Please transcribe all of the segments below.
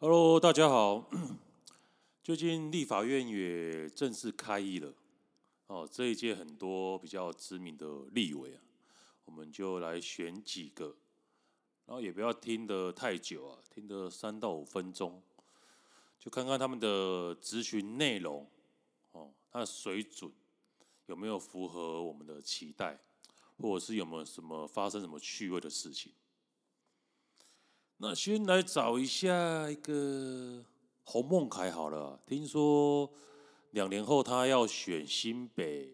Hello，大家好。 最近立法院也正式開議了，哦，這一屆很多比較知名的立委啊，我們就來選幾個，然後也不要聽得太久啊，聽個三到五分鐘，就看看他們的質詢內容，哦，他的水準有沒有符合我們的期待，或者是有沒有什麼發生什麼趣味的事情。那先來找一下一個洪孟楷好了，啊，聽說兩年後他要選新北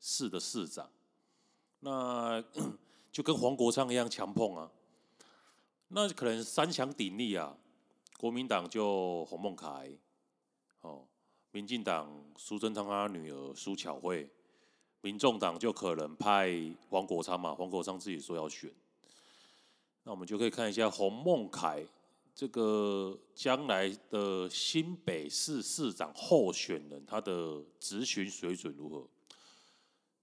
市的市長，那就跟黃國昌一樣強碰啊，那可能三強鼎立啊，國民黨就洪孟楷，哦，民進黨蘇貞昌他女兒蘇巧慧，民眾黨就可能派黃國昌嘛，黃國昌自己說要選。那我們就可以看一下洪孟楷這個將來的新北市市長候選人，他的質詢水準如何？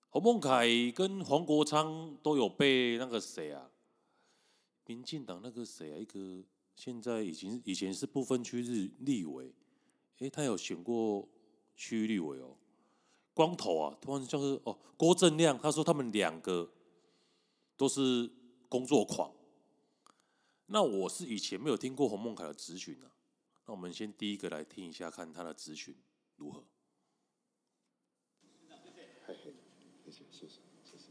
洪孟楷跟黃國昌都有被那個誰啊，民進黨那個誰啊，一個現在已經以前是不分區域立委，哎，他有選過區域立委哦，光頭啊，突然就是哦，郭正亮他說他們兩個都是工作狂。那我是以前沒有聽過洪孟楷的質詢呢，那我們先第一個來聽一下，看他的質詢如何。謝謝，謝謝，謝謝，謝謝。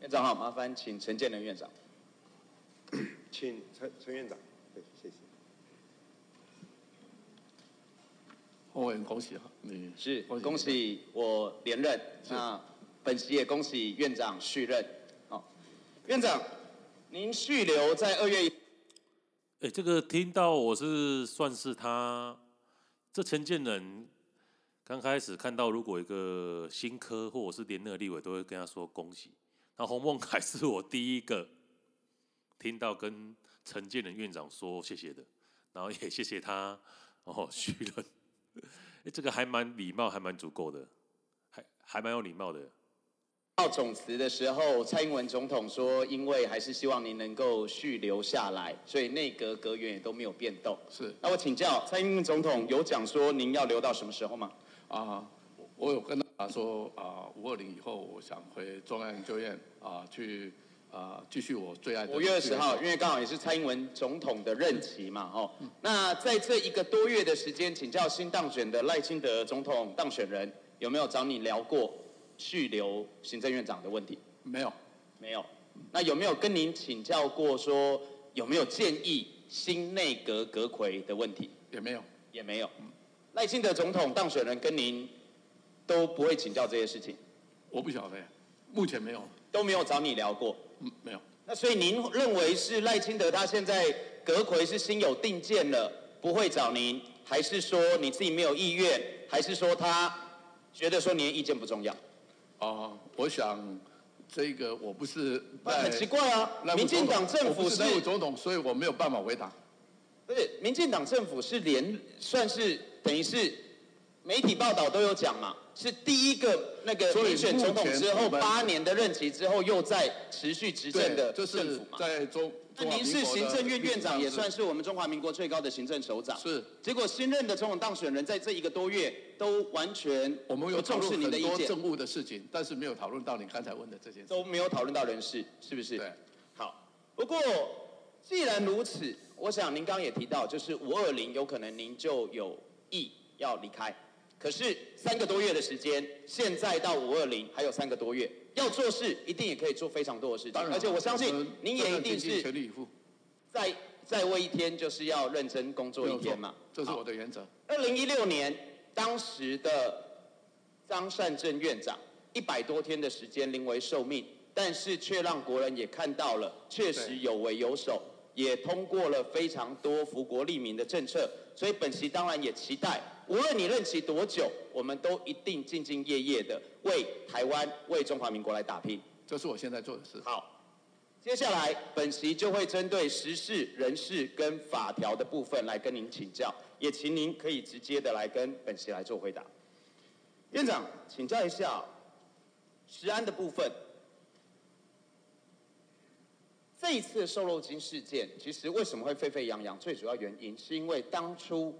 院長好，麻煩請陳建仁院長，請陳陳院長。我也恭喜哈、啊，是恭喜我連任。是那本席也恭喜院長續任。哦、院長，您續留在二月一。哎、欸，這個聽到我是算是他這陳建仁剛開始看到，如果一個新科或者是連任的立委，都會跟他說恭喜。那洪孟楷是我第一個聽到跟陳建仁院長說謝謝的，然後也謝謝他，哦，後續任。這個還蠻禮貌，還蠻足夠的，還還蠻有禮貌的。到總辭的時候，蔡英文總統說，因為還是希望您能夠續留下來，所以內閣閣員也都沒有變動。是，那我請教蔡英文總統，有講說您要留到什麼時候嗎？啊我，我有跟他說，啊、呃，五二零以後，我想回中央研究院啊、呃、去。啊，繼、呃、續我最愛的五月二十號，因為剛好也是蔡英文總統的任期嘛，哦、嗯，那在這一個多月的時間，請教新當選的賴清德總統當選人有沒有找你聊過去留行政院長的問題？沒有，沒有。那有沒有跟您請教過說有沒有建議新內閣閣揆的問題？也沒有，也沒有。賴清德總統當選人跟您都不會請教這些事情？我不曉得，目前沒有，都沒有找你聊過。沒有。那所以您認為是賴清德他現在閣揆是心有定見了，不會找您，還是說你自己沒有意願，還是說他覺得說您的意見不重要？啊、哦，我想這個我不是。很奇怪啊，民進黨政府是總統，所以我沒有辦法回答。對，民進黨政府是連算是等於是。媒體報道都有講嘛，是第一個那個連選總統之後八年的任期之後又在持續執政的政府嘛？那您是行政院院長，也算是我們中華民國最高的行政首長。是。結果新任的總統當選人在這一個多月都完全不重視你的意見，我們有討論很多政務的事情，但是沒有討論到您剛才問的這件事。都沒有討論到人事，是不是？對。好，不過既然如此，我想您剛也提到，就是五二零有可能您就有意要離開。可是三個多月的時間，現在到五二零還有三個多月，要做事一定也可以做非常多的事情。然而且我相信您也一定是全力以赴。在在位一天就是要認真工作一天嘛，這是我的原則。二零一六年當時的張善政院長一百多天的時間臨危受命，但是却讓國人也看到了確實有為有守，對也通過了非常多福國利民的政策，所以本席當然也期待。無論你任期多久，我們都一定兢兢業業的為台灣、為中華民國來打拼。這是我現在做的事。好，接下來本席就會針對時事、人事跟法條的部分來跟您請教，也請您可以直接的來跟本席來做回答。對院長，請教一下，食安的部分，這一次瘦肉精事件，其實為什麼會沸沸揚揚？最主要原因是因為當初。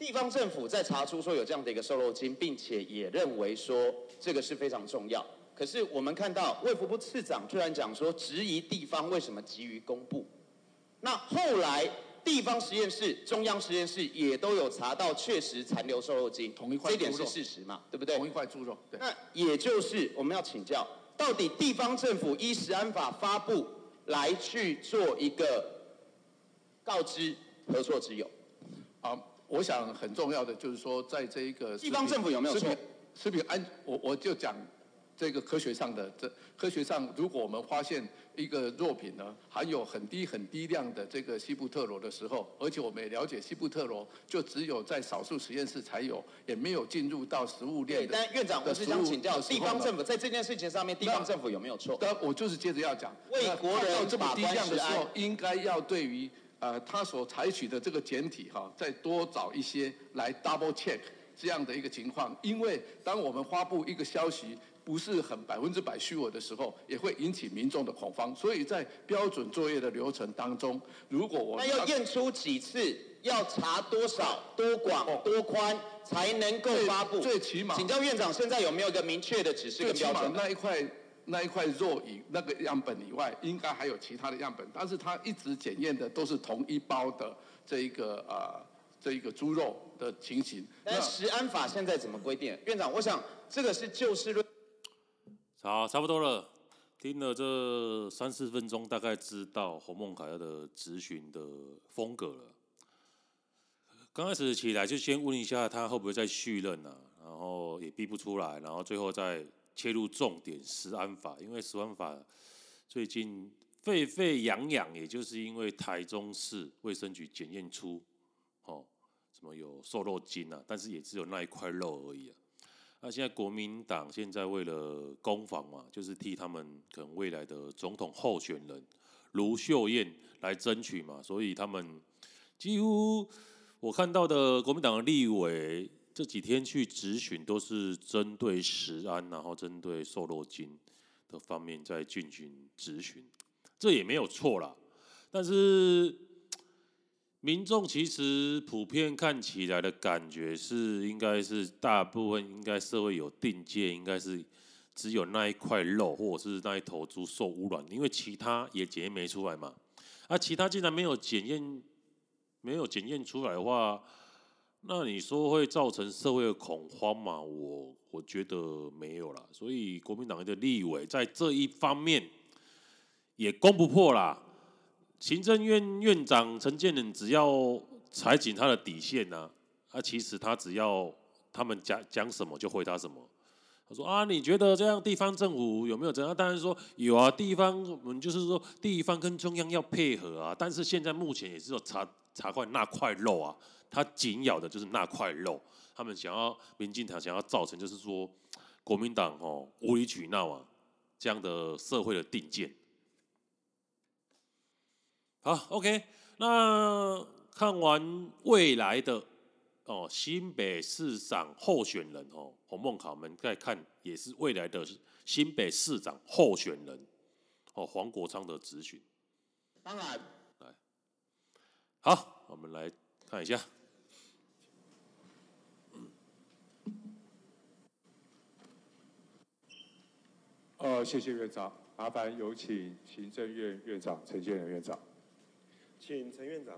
地方政府在查出說有這樣的一個瘦肉精，並且也認為說這個是非常重要。可是我們看到衛福部次長居然講說質疑地方為什麼急於公布？那後來地方實驗室、中央實驗室也都有查到確實殘留瘦肉精，同一塊豬肉，這一點是事實嘛？對不對？同一塊豬肉。對，那也就是我們要請教，到底地方政府依食安法發布來去做一個告知合作，何錯之有？好。我想很重要的就是說，在這一個地方政府有沒有錯？食品，品安我我就講這個科學上的。這科學上，如果我們發現一個肉品呢，含有很低很低量的這個西布特羅的時候，而且我們也了解西布特羅就只有在少數實驗室才有，也沒有進入到食物鏈。對，但院長，食我是想請教地方政府，在這件事情上面，地方政府有沒有錯？但我就是接着要講，為國人有這麼低量的時候，應該要對於。呃，他所採取的這個簡體哈，再多找一些來 double check 這樣的一個情況，因為當我們發布一個消息不是很百分之百虛偽的時候，也會引起民眾的恐慌，所以在標準作業的流程當中，如果我們要驗出幾次，要查多少、多廣、多寬才能夠發布？最起碼，請教院長現在有沒有一個明確的指示的標準？那一塊。那一塊肉，以那個樣本以外，應該還有其他的樣本，但是他一直檢驗的都是同一包的這一個啊、呃、這一個豬肉的情形。那食安法現在怎麼規定？院長，我想這個是就事論。好，差不多了。聽了這三四分鐘，大概知道洪孟楷的質詢的風格了。剛開始起來就先問一下他會不會再續任啊，然後也逼不出來，然後最後再。切入重點食安法，因為食安法最近沸沸揚揚，也就是因為台中市衛生局檢驗出，哦，什麼有瘦肉精啊，但是也只有那一塊肉而已啊。那現在國民黨現在為了攻防嘛，就是替他們可能未來的總統候選人盧秀燕來爭取嘛，所以他們幾乎我看到的國民黨的立委。這幾天去質詢都是針對食安，然後針對瘦肉精的方面在進行質詢，這也沒有錯啦。但是民眾其實普遍看起來的感覺是，應該是大部分應該社會有定見，應該是只有那一塊肉或者是那一頭豬受污染，因為其他也檢驗沒出來嘛。啊，其他既然沒有檢驗，沒有檢驗出來的話。那你說會造成社會的恐慌嗎？我我覺得沒有啦。所以國民黨的立委在這一方面也攻不破啦。行政院院長陳建仁只要踩緊他的底線呢，啊，啊，其實他只要他們講講什麼就回答什麼。他說啊，你覺得這樣地方政府有沒有責任，啊？當然說有啊，地方我們，嗯，就是說地方跟中央要配合啊。但是現在目前也是要查查塊那塊肉啊。他緊咬的就是那塊肉，他們想要民進黨想要造成就是說國民黨哦，無理取鬧啊，這樣的社會的定見。好，OK，那看完未來的哦新北市長候選人哦洪孟楷，我們再看也是未來的新北市長候選人哦黃國昌的質詢，當然來，好，我們來看一下。呃，謝謝院長，麻煩有請行政院院長陳建仁院長，請陳院長。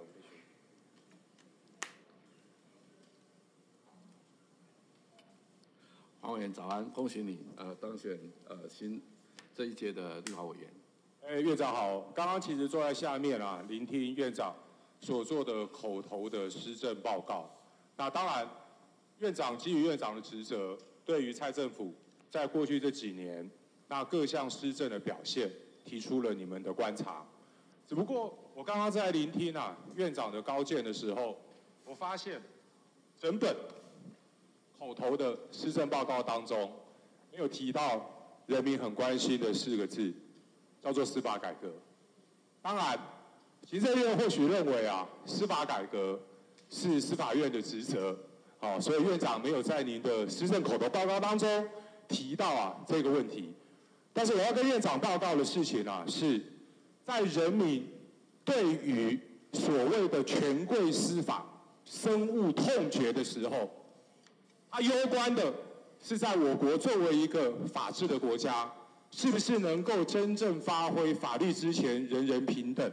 黃委員早安，恭喜你呃當選呃新這一屆的立法委員。哎、呃，院長好，剛剛其實坐在下面啊，聆聽院長所做的口頭的施政報告。那當然，院長基於院長的職責，對於蔡政府在過去這幾年。那各項施政的表現，提出了你們的觀察。只不過我剛剛在聆聽啊院長的高見的時候，我發現，整本口頭的施政報告當中，沒有提到人民很關心的四個字，叫做司法改革。當然，行政院或許認為啊司法改革是司法院的職責，好，所以院長沒有在您的施政口頭報告當中提到啊這個問題。但是我要跟院長報告的事情啊，是在人民對於所謂的權貴司法深惡痛絕的時候，他、啊、攸關的是，在我國作為一個法治的國家，是不是能夠真正發揮法律之前人人平等？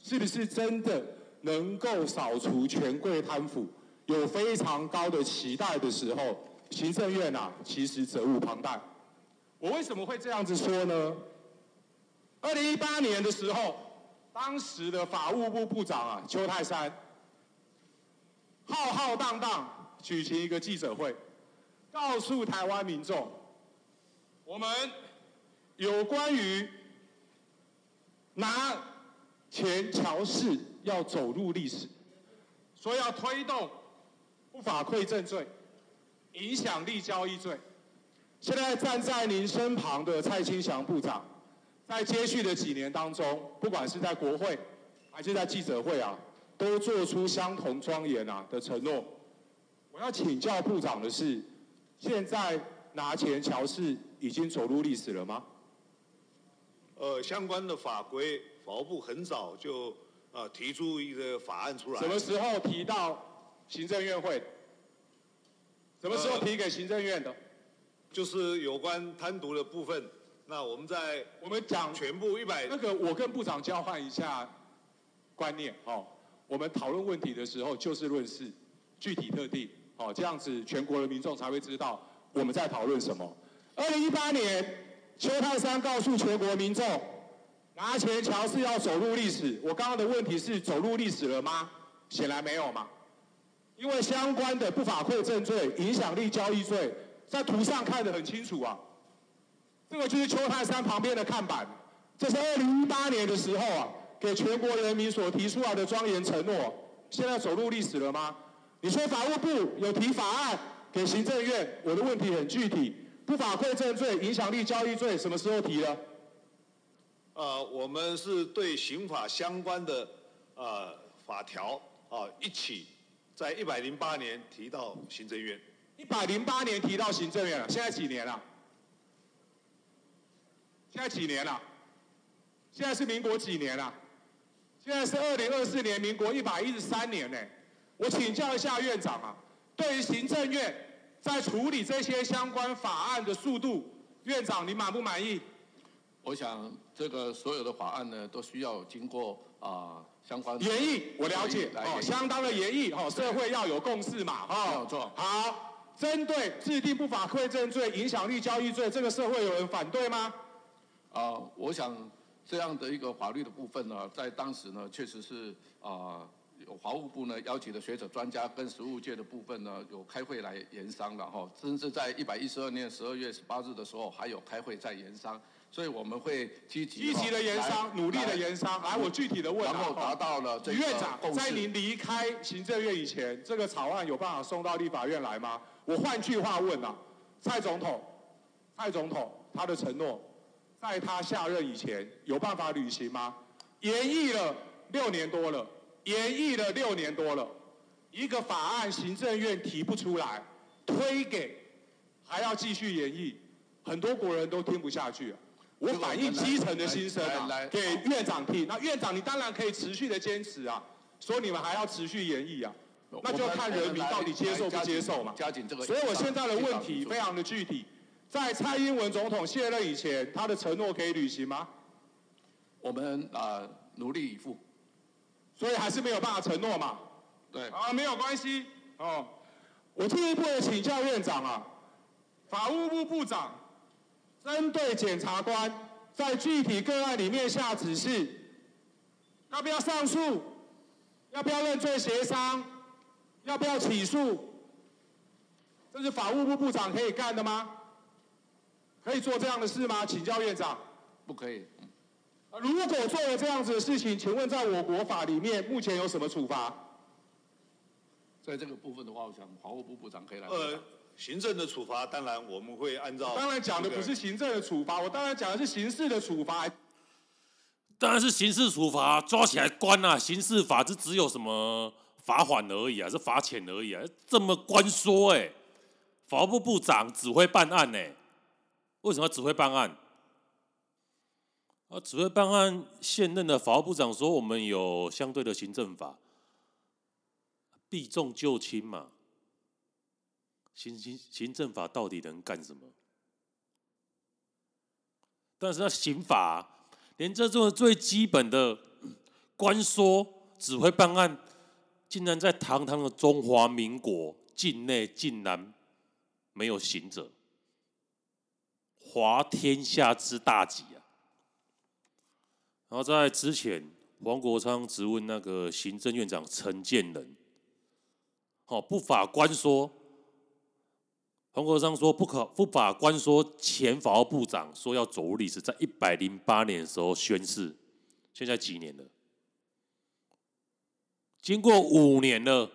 是不是真的能夠掃除權貴貪腐？有非常高的期待的時候，行政院啊，其實責無旁貸。我為什麼會這樣子說呢？二零一八年的時候，當時的法務部部長啊邱泰山，浩浩蕩蕩舉行一個記者會，告訴台灣民眾，我們有關於拿錢喬事要走入歷史，說要推動不法饋贈罪、影響力交易罪。現在站在您身旁的蔡清祥部長，在接續的幾年當中，不管是在國會還是在記者會啊，都做出相同莊嚴啊的承諾。我要請教部長的是，現在拿錢喬事已經走入歷史了嗎？呃，相關的法規，法務部很早就啊、呃、提出一個法案出來。什麼時候提到行政院會的？什麼時候提給行政院的？呃就是有關貪瀆的部分，那我們在我們講全部一百那個，我跟部長交換一下觀念，哦，我們討論問題的時候就事論事，具體特定，哦，這樣子全國的民眾才會知道我們在討論什麼。二零一八年，邱太三告訴全國民眾，拿錢喬事要走入歷史。我剛剛的問題是走入歷史了嗎？顯然沒有嘛，因為相關的不法餽贈罪、影響力交易罪。在圖上看得很清楚啊，這個就是秋泰山旁邊的看板，這是二零一八年的時候啊，給全國人民所提出來的莊嚴承諾，現在走入歷史了嗎？你說法務部有提法案給行政院，我的問題很具體，不法饋贈罪、影響力交易罪什麼時候提的？呃，我們是對刑法相關的呃法條啊、呃、一起在一百零八年提到行政院。一百零八年提到行政院了，現在幾年了？現在幾年了？現在是民國幾年了？現在是二零二四年，民國一百一十三年呢。我請教一下院長啊，對於行政院在處理這些相關法案的速度，院長你滿不滿意？我想這個所有的法案呢，都需要經過啊、呃、相關的研議我了解來哦，相當的研議對哦，社會要有共識嘛，哈、哦，沒有錯，好。針對制定不法饋贈罪、影響力交易罪，這個社會有人反對嗎？啊、呃，我想這樣的一個法律的部分呢，在當時呢，確實是啊、呃，有法務部呢邀請的學者專家跟實務界的部分呢，有開會來研商，然哈、哦。甚至在一百一十二年十二月十八日的時候，還有開會在研商。所以我們會積極的，積極的研商。來努力的研商。來，問來我具體的問，然後然後達到了哈，於院長，在您離開行政院以前，這個草案有辦法送到立法院來嗎？我換句話問啊：蔡總統，蔡總統他的承諾，在他下任以前有辦法履行嗎？研議了六年多了，研議了六年多了，一個法案行政院提不出來，推給還要繼續研議，很多國人都聽不下去、啊我，我反映基層的心聲、啊、給院長聽。那、啊啊、院長，你當然可以持續的堅持啊，所以、啊、你們還要持續演繹啊，我那就看人民到底接受不接受嘛。所以我現在的問題非常的具體，在蔡英文總統卸任以前，他的承諾可以履行嗎？我們呃努力以赴。所以還是沒有辦法承諾嘛。對。啊，沒有關係哦。我進一步的請教院長啊，法務部部長。針對檢察官在具體個案裡面下指示，要不要上訴？要不要認罪協商？要不要起訴？這是法務部部長可以幹的嗎？可以做這樣的事嗎？請教院長。不可以。如果做了這樣子的事情，請問在我國法裡面目前有什麼處罰？在這個部分的話，我想法務部部長可以來。呃行政的處罰當然我們會按照，當然講的不是行政的處罰，我當然講的是刑事的處罰。當然是刑事處罰，抓起來關啊！刑事法只只有什麼罰款而已啊，是罰錢而已啊，這麼關說誒、欸、法務部部長指揮辦案呢、欸？為什麼要指揮辦案？啊，指揮辦案現任的法務部長說我們有相對的行政法，避重就輕嘛。行行行政法到底能幹什麼？但是那刑法、啊、連這種最基本的關說指揮辦案，竟然在堂堂的中華民國境內竟然沒有行者，滑天下之大稽啊！然後在之前，黃國昌質問那個行政院長陳建仁，好、哦，不法關說。黃國昌說：“不可不法官說，前法務部長說要走入歷史，在一百零八年的時候宣誓。現在幾年了？經過五年了，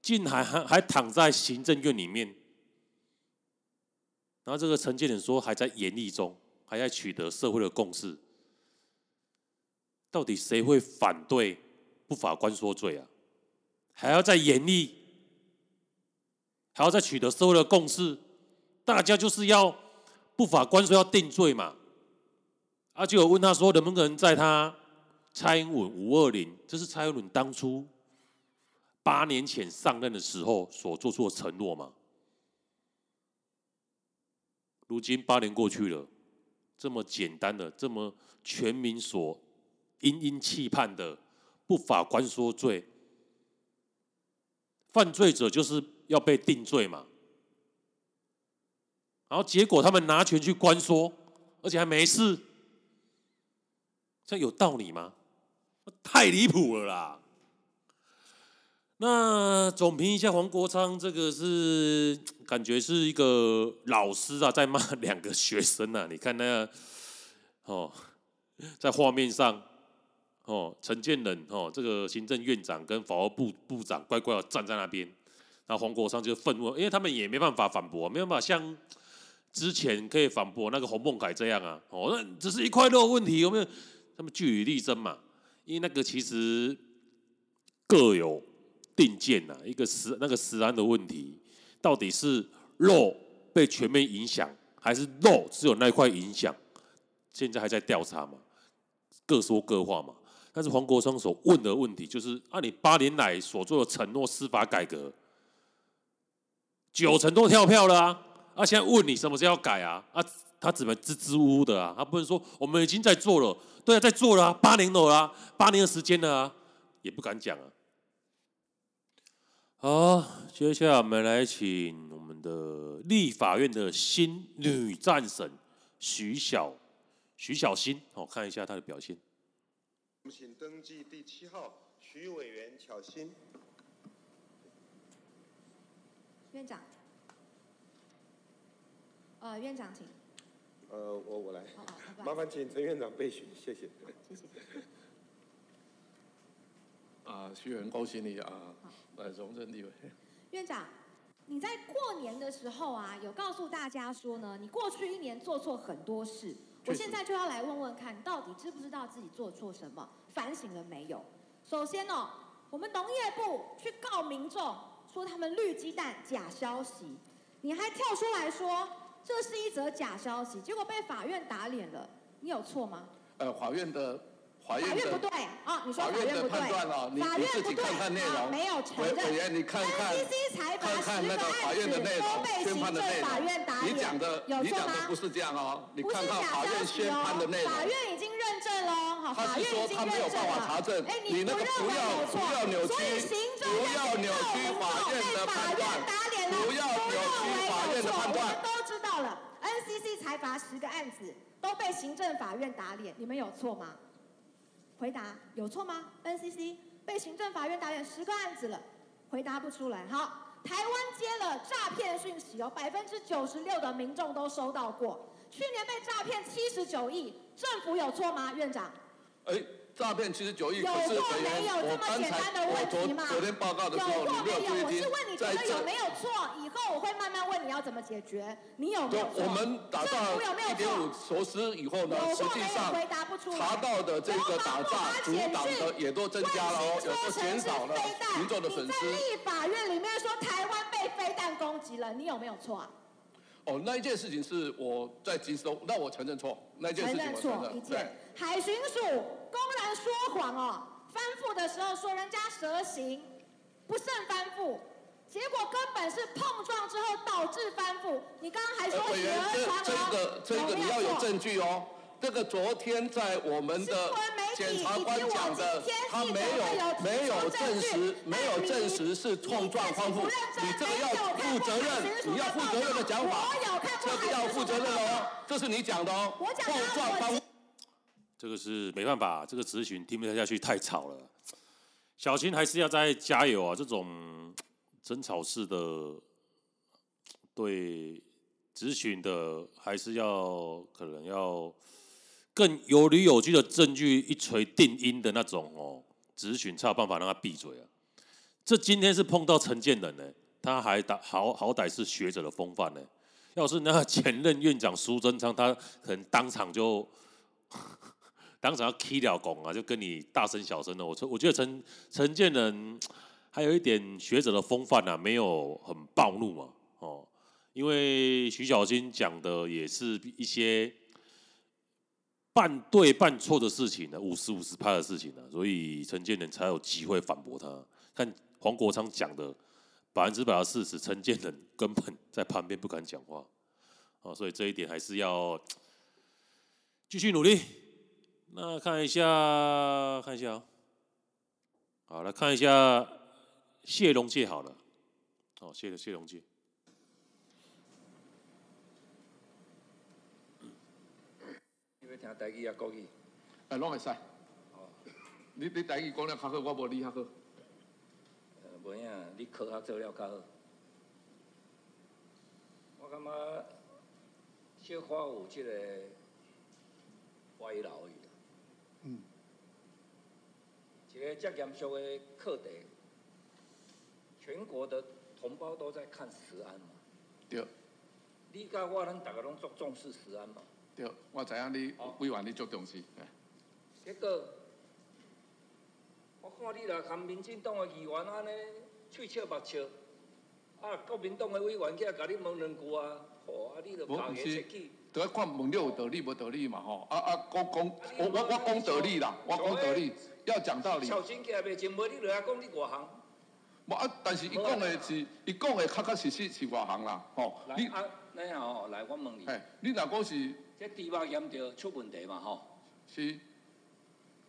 竟還還還躺在行政院裡面。然後這個陳建仁說還在研議中，還在取得社會的共識。到底誰會反對不法官說罪啊？還要再研議？”然後再取得社會的共識，大家就是要不法官說要定罪嘛，啊，就有問他說能不能在他蔡英文五二零，這是蔡英文當初八年前上任的時候所做出的承諾嘛？如今八年過去了，這麼簡單的、這麼全民所殷殷期盼的不法官說罪，犯罪者就是。要被定罪嘛？然後結果他們拿權去關說，而且還沒事，這樣有道理嗎？太離譜了啦！那總評一下，黃國昌這個是感覺是一個老師啊，在罵兩個學生啊。你看那個，哦，在畫面上哦，陳建仁哦，這個行政院長跟法務部部長乖乖的站在那邊。那黃國昌就憤怒，因為他們也沒辦法反駁、啊，沒辦法像之前可以反駁那個洪孟楷這樣啊。哦，那只是一塊肉問題有沒有？他們據理力爭嘛，因為那個其實各有定見吶、啊。一個食，那個食安的問題，到底是肉被全面影響，還是肉只有那一塊影響？現在還在調查嘛，各說各話嘛。但是黃國昌所問的問題就是：按、啊、你八年來所做的承諾，司法改革。九成都跳票了啊！啊，現在問你什麼時候要改啊？啊，他只能支支吾吾的啊，他不能說我們已經在做了，對啊，在做了、啊、八年了啊，八年的時間了啊，也不敢講啊。好，接下來我們來請我們的立法院的新女戰神徐小徐小欣，好、哦，看一下她的表現。我們請登記第七號徐委員巧芯。院長，呃院長，請。呃，我我來。麻煩請陳院長備詢，謝謝。謝謝。啊，徐榮恭喜你啊，來，從正地位。院長，你在過年的時候啊，有告訴大家說呢，你過去一年做錯很多事，我現在就要來問問看，到底知不知道自己做錯什麼，反省了沒有？首先哦，我們農業部去告民眾。說他們綠雞蛋假消息，你還跳出來說這是一則假消息，結果被法院打臉了，你有錯嗎？呃，法院的。法院不對啊，你說法院不對。法院不對啊，你自己看看內容。委員，你個案看看都被行政法院打臉。有錯嗎？你講的，你講的不是這樣哦。你看看法院宣判的內容。法院已經認證了，好，法院已經認證了。哎，你不要扭曲，不要扭曲法院的判斷，不要扭曲法院的判斷。我們都知道了，NCC 裁罰十個案子都被行政法院打臉，你們有錯嗎？回答有錯嗎？NCC 被行政法院打臉十個案子了，回答不出來。好，台灣接了詐騙訊息有，有百分之九十六的民眾都收到過，去年被詐騙七十九億，政府有錯嗎？院長？哎、欸。詐騙七十九億，有錯沒有這麼簡單的問題嗎？昨天報告的時候，有錯沒有？我是問你，覺得有沒有錯？以後我會慢慢問你要怎麼解決。你有錯沒有？政府有沒有錯？有錯沒有？回答不出來。查到的這個打詐阻擋的也都增加了哦，也都減少了民眾的損失。你在立法院裡面說台灣被飛彈攻擊了，你有沒有錯啊？哦，那一件事情是我在接收，那我承認錯。那承認錯，一件。海巡署。公然說謊哦！翻覆的時候說，人家蛇行，不慎翻覆，結果根本是碰撞之後導致翻覆。你剛剛還說蛇行、呃，委員，這，這個有沒有這個你要有證據哦。有有這個昨天在我們的檢察官講的，他沒有沒有證實，沒有你你證實是碰撞翻覆。你這個要負責任，你要負責任的講法，你的講法我有看的，這是要負責任哦。這是你講的哦。碰撞翻覆。這個是沒辦法、啊，這個質詢聽不下去，太吵了。小芯還是要再加油啊！這種爭吵式的對質詢的，還是要可能要更有理有據的證據，一錘定音的那種哦。質詢才有辦法讓他閉嘴啊。這今天是碰到陳建仁呢，他還打好好歹是學者的風範呢。要是那個前任院長蘇貞昌，他可能當場就。 當場要 k 了，拱啊，就跟你大聲小聲的。我我我覺得陳陳建仁還有一點學者的風範吶，沒有很暴怒嘛，哦，因為徐巧芯講的也是一些半對半錯的事情呢、啊，五十五十趴的事情呢、啊，所以陳建仁才有機會反駁他。看黃國昌講的百分之百的事實，陳建仁根本在旁邊不敢講話，哦，所以這一點還是要繼續努力。那看一下，看一下啊、哦，好來看一下謝龍介好了，哦，謝了，謝龍介。你要聽台語啊，國語，哎，攏會使。哦，你你台語講得較好，我無你較好。呃，無影，你口音做了較好。我感覺，小花有這個歪腦語,語。一個遮嚴肅個課題，全國的同胞都在看食安嘛。對。汝講話咱大家攏很重視食安嘛。對，我知影你、哦、委員你足重視。結果，我看汝來看民進黨個議員安尼嘴笑目笑，啊，國民黨個委員起來甲汝問兩句啊，吼、哦、啊，你就無個出去。我是，只看問你有道理無道理嘛吼、哦。啊啊，啊我講我我我講道理啦，我講道理。要講道理，小心起嚟，就袂你來講你外行。但是伊講的是，伊講、啊、的確確實實是外行啦、啊，吼、哦。來你，啊、那樣哦，來我問你，你那個是？這豬肉鹽就出問題嘛，吼？是。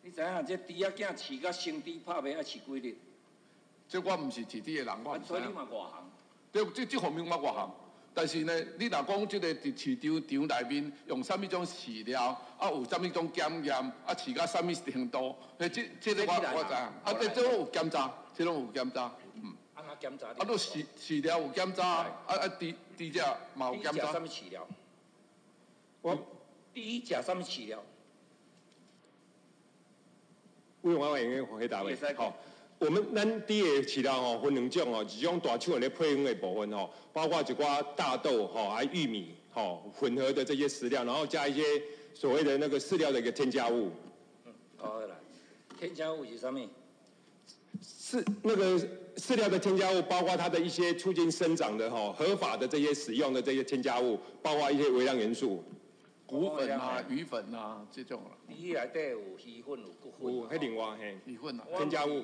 你知影這豬啊豬，飼到生豬怕咩啊？飼幾日？這，這我唔是飼豬的人，我、啊。所以你嘛外行。對，這這方面我外行。但是呢，你若講即個佇市場場內面用什麼種飼料，啊，有什麼種檢驗，啊，飼到什麼程度？迄即即個我、我知啊，啊，這，這，這，這都有檢查，這種有檢查，有查，啊，嗯。啊，有檢查啊，都飼飼料有檢查，啊啊，豬、豬隻嘛有檢查。豬隻什麼飼料？我第一隻什麼飼料？魏華委員，回答為。第三號。我們咱底個飼料吼分兩種哦，一種大腸的配方的部分哦，包括一寡大豆還啊玉米吼混合的這些飼料，然後加一些所謂的那個飼料的一個添加物。嗯，好，添加物是什麼？是那個飼料的添加物，包括它的一些促進生長的吼，合法的這些使用的這些添加物，包括一些微量元素，哦、骨粉啊、啊魚粉啊這種啊。伊內底有魚粉，有骨粉。有哦，還另外嘿，魚粉啊，添加物。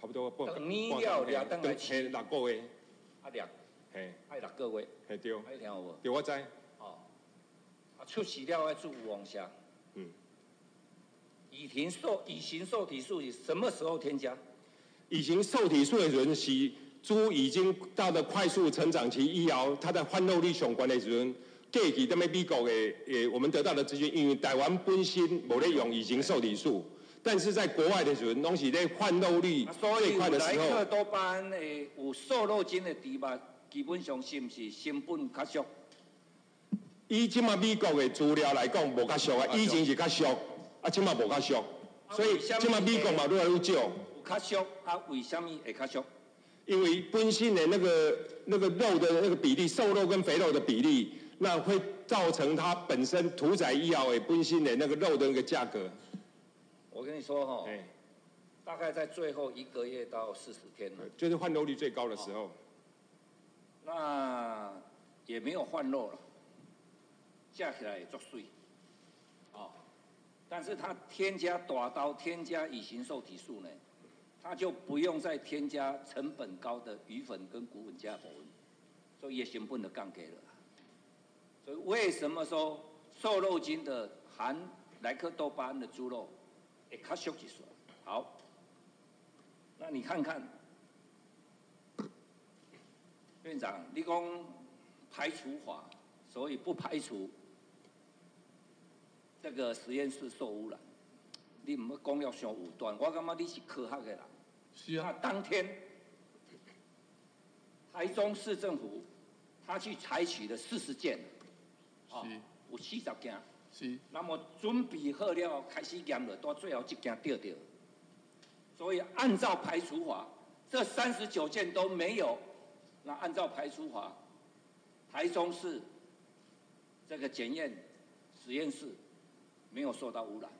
差不多半年斤，嘿，六個月，啊六，六個月，對，我知，哦，啊出飼料還做網嗯，乙型受乙型受體素，什麼時候添加？乙型受體素的時期，豬已經到了快速成長期，一搖，它的換肉率相關的時陣，各級都沒比的，我們得到的資訊，因為台灣本身無在用乙型受體素。但是在國外的時候，攏是咧換肉率，所以有的時候。所以來克多巴胺有瘦肉精的豬肉基本上是毋是成本較俗？以即馬美國的資料來講，無較俗啊，以前是較俗，啊，即馬無較俗，所以即馬美國嘛愈來愈降。有較俗，啊，為什麼會較俗？因為本身的那個那個肉的那個比例，瘦肉跟肥肉的比例，那會造成它本身屠宰業誒本身的那個肉的那個價格。我跟你說哈、哦，欸、大概在最後一個月到四十天了，就是換肉率最高的時候。哦、那也沒有換肉了，架起來也作祟，哦，但是它添加短刀、添加乙型受體素呢，它就不用再添加成本高的魚粉跟穀粉加粉，所以也行不能槓給了。所以為什麼說瘦肉精的含萊克多巴胺的豬肉？好，那你看看，院長，你講排除法，所以不排除這個實驗室受污染。你不要講要上武斷，我感覺你是科學的人。是啊。當天台中市政府他去採取了四十件，啊是、哦，有七十件。是那麼準備好了，開始驗了，到最後一件掉掉，所以按照排除法，這三十九件都沒有。那按照排除法，台中市這個檢驗實驗室沒有受到污染。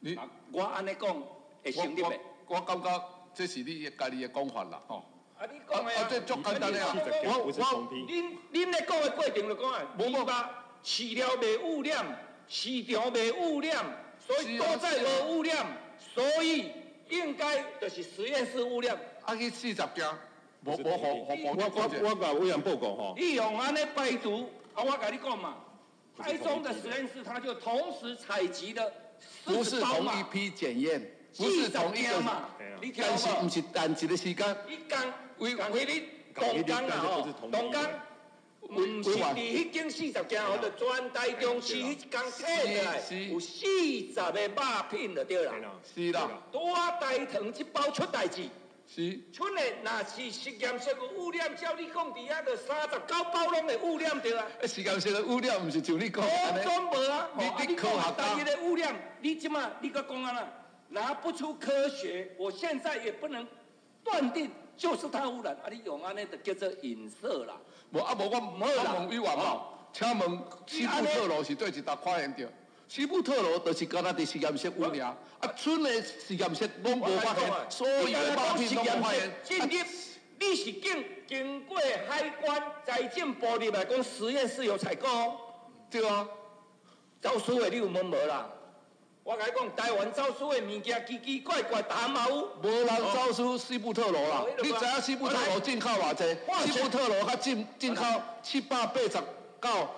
你我安尼講，會成立我我我感覺這是你家裡的講法啦。哦，啊你講的啊，啊啊這簡單的啊你可能四十件我我您您的講的過程就講啊，無吧、啊？飼料未污染。啊市場沒污染，所以都在有污染，所以應該就是實驗室污染。啊，去四十條，我我我我我甲委員報告吼。一樣安尼拜讀，啊，我甲你講嘛，安裝的實驗室，他就同時採集了四包嘛。不是同一批檢驗，不是同一個嘛？你擔心不是單一個時間？一缸為為你同缸吼，同缸。唔是佇迄間四十件，我着專台中市迄間起來有四十個肉片就對啦。是啦，多台糖一包出代誌。是。出的那是實驗室的污染，照你講，佇遐個三十九包攏會污染着啊。實驗室的污染唔是就你講？的，都裝無啊！你你講啊！當地的污染，你即嘛你擱講啊啦？拿不出科學，我現在也不能斷定就是他污染。啊，你用安呢就叫做隱射啦。無啊，啊，無我、啊、沒問伊話嘛。請問西布特羅是對一道發現着？這西布特羅、啊啊、都是干那佇實驗室污染，啊，村內實驗室攏無發現，所有、啊、的藥品都實驗室。啊，啊你是經經過海關財政部入來講實驗室有採購，對哦、啊啊，到蘇偉你有問無啦？我甲你講，台灣走私的物件奇奇怪怪有，大麻、無人走私、西布特羅啦。哦、你知影西布特羅進口偌多少？西布特羅八進進口七百八十九。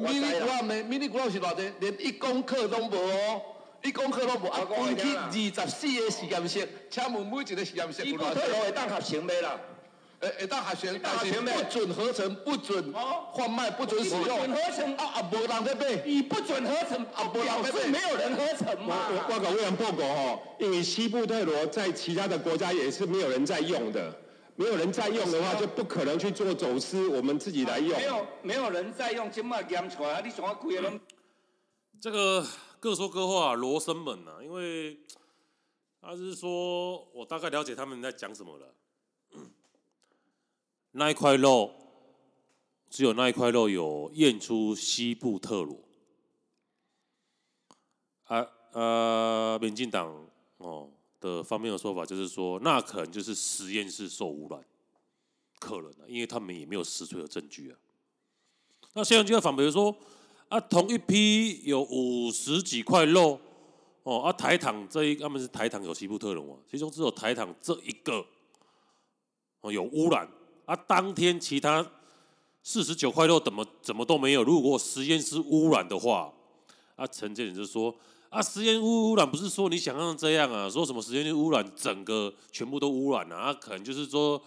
迷你古蘭呢？迷你古蘭是偌多少？連一公克都無、哦，一公克都無、啊。每只二十四個實驗室，請問、哦、每一個實驗室。西布特羅會當合成未啦？誒誒，但海鮮，海鮮不准合成，不准換賣，哦、不准使用。合成啊啊，不對對。你不准合成啊，表示沒，沒，沒有人合成嘛。啊、我我我講為什麼，因為西布特羅在其他的國家也是沒有人在用的，沒有人在用的話，就不可能去做走私，我們自己來用、嗯。沒有，沒有人在用，這麼嚴查，你想要鬼了。這個各說各話，羅生門吶、啊，因為他是說我大概了解他們在講什麼了。那一塊肉，只有那一塊肉有驗出西布特羅。啊啊，民進黨哦的方面的說法就是說，那可能就是實驗室受污染，可能、啊、因為他們也沒有實錘的證據啊。那現在就要反駁說，啊，同一批有五十幾塊肉，哦，啊，台糖這一他們是台糖有西布特羅啊，其中只有台糖這一個哦有污染。啊，當天其他四十九塊肉怎麼怎麼都沒有？如果實驗室污染的話，啊，陳建仁就說：啊，實驗污污染不是說你想象這樣啊，說什麼實驗室污染整個全部都污染了啊，啊？可能就是說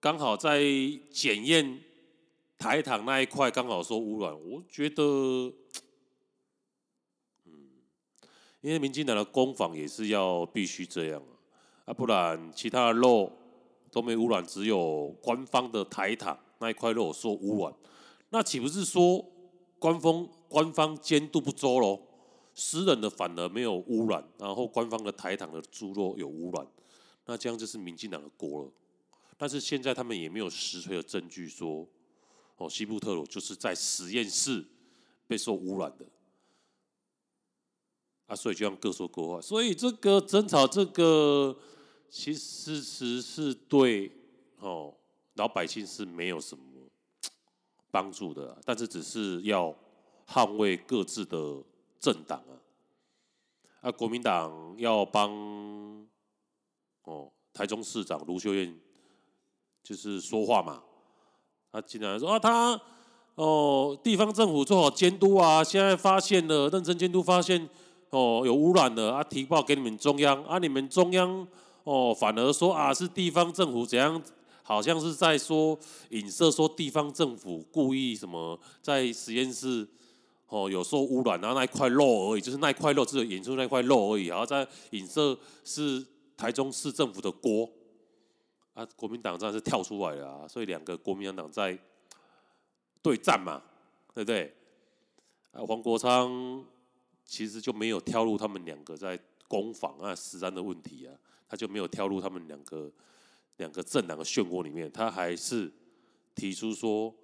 剛好在檢驗台糖那一塊剛好說污染，我覺得，嗯，因為民進黨的攻防也是要必須這樣啊，啊，不然其他的肉。都沒污染，只有官方的台糖那一塊肉受污染，那豈不是說官方官方監督不周嘍？私人的反而沒有污染，然後官方的台糖的豬肉有污染，那這樣就是民進黨的鍋了。但是現在他們也沒有實錘的證據說，哦，西布特羅就是在實驗室被受污染的啊，所以就讓各說各話。所以這個爭吵，這個。其實實是對哦，老百姓是沒有什麼幫助的，但是只是要捍衛各自的政黨啊。啊，國民黨要幫哦，台中市長盧秀燕就是說話嘛，他進來說啊，他哦，地方政府做好監督啊，現在發現了認真監督發現哦有污染了啊，提報給你們中央，啊你們中央。哦，反而說啊，是地方政府怎樣？好像是在說影射，說地方政府故意什麼在實驗室哦，有受污染，然後那一塊肉而已，就是那一塊肉，只有驗出那一塊肉而已，然後在影射是台中市政府的鍋啊！國民黨站是跳出來了，啊，所以兩個國民黨在對戰嘛，對不對？啊，黃國昌其實就沒有跳入他們兩個在攻防啊，實戰的問題啊。他就沒有跳入他們兩個兩個政黨的漩渦裡面，他還是提出說，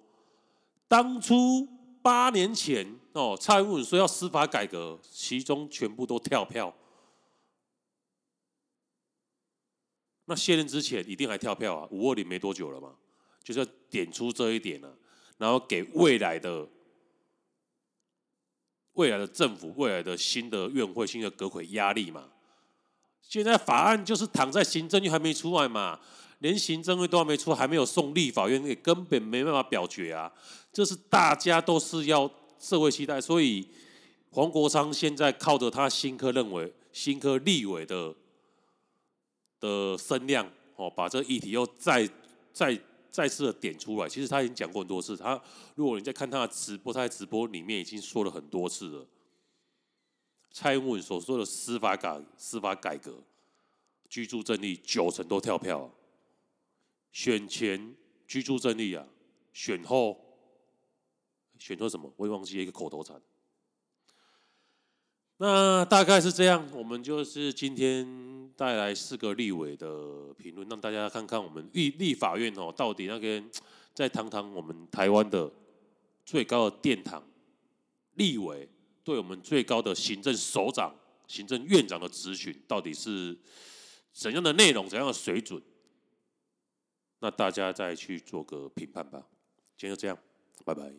當初八年前哦蔡英文說要司法改革，其中全部都跳票。那卸任之前一定還跳票啊，五二零沒多久了嘛，就是要點出這一點了，啊，然後給未來的未來的政府，未來的新的院會，新的閣揆壓力嘛。現在法案就是躺在行政院還沒出來嘛，連行政院都還沒出，還沒有送立法院，也根本沒辦法表決啊。這、就是大家都是要社會期待，所以黃國昌現在靠着他新科認為新科立委的的聲量哦，把這個議題又再再再次的點出來。其實他已經講過很多次，他如果你在看他的直播，他在直播裡面已經說了很多次了。蔡英文所說的司法司法改革，居住正義九成都跳票。選前居住正義啊，選後選出什麼？我也忘記一個口頭禪。那大概是這樣，我們就是今天帶來四個立委的評論，讓大家看看我們立立法院哦，到底那邊再談談我們台灣的最高的殿堂立委對我們最高的行政首長、行政院長的質詢，到底是怎樣的內容、怎樣的水準？那大家再去做個評判吧。今天就這樣，拜拜。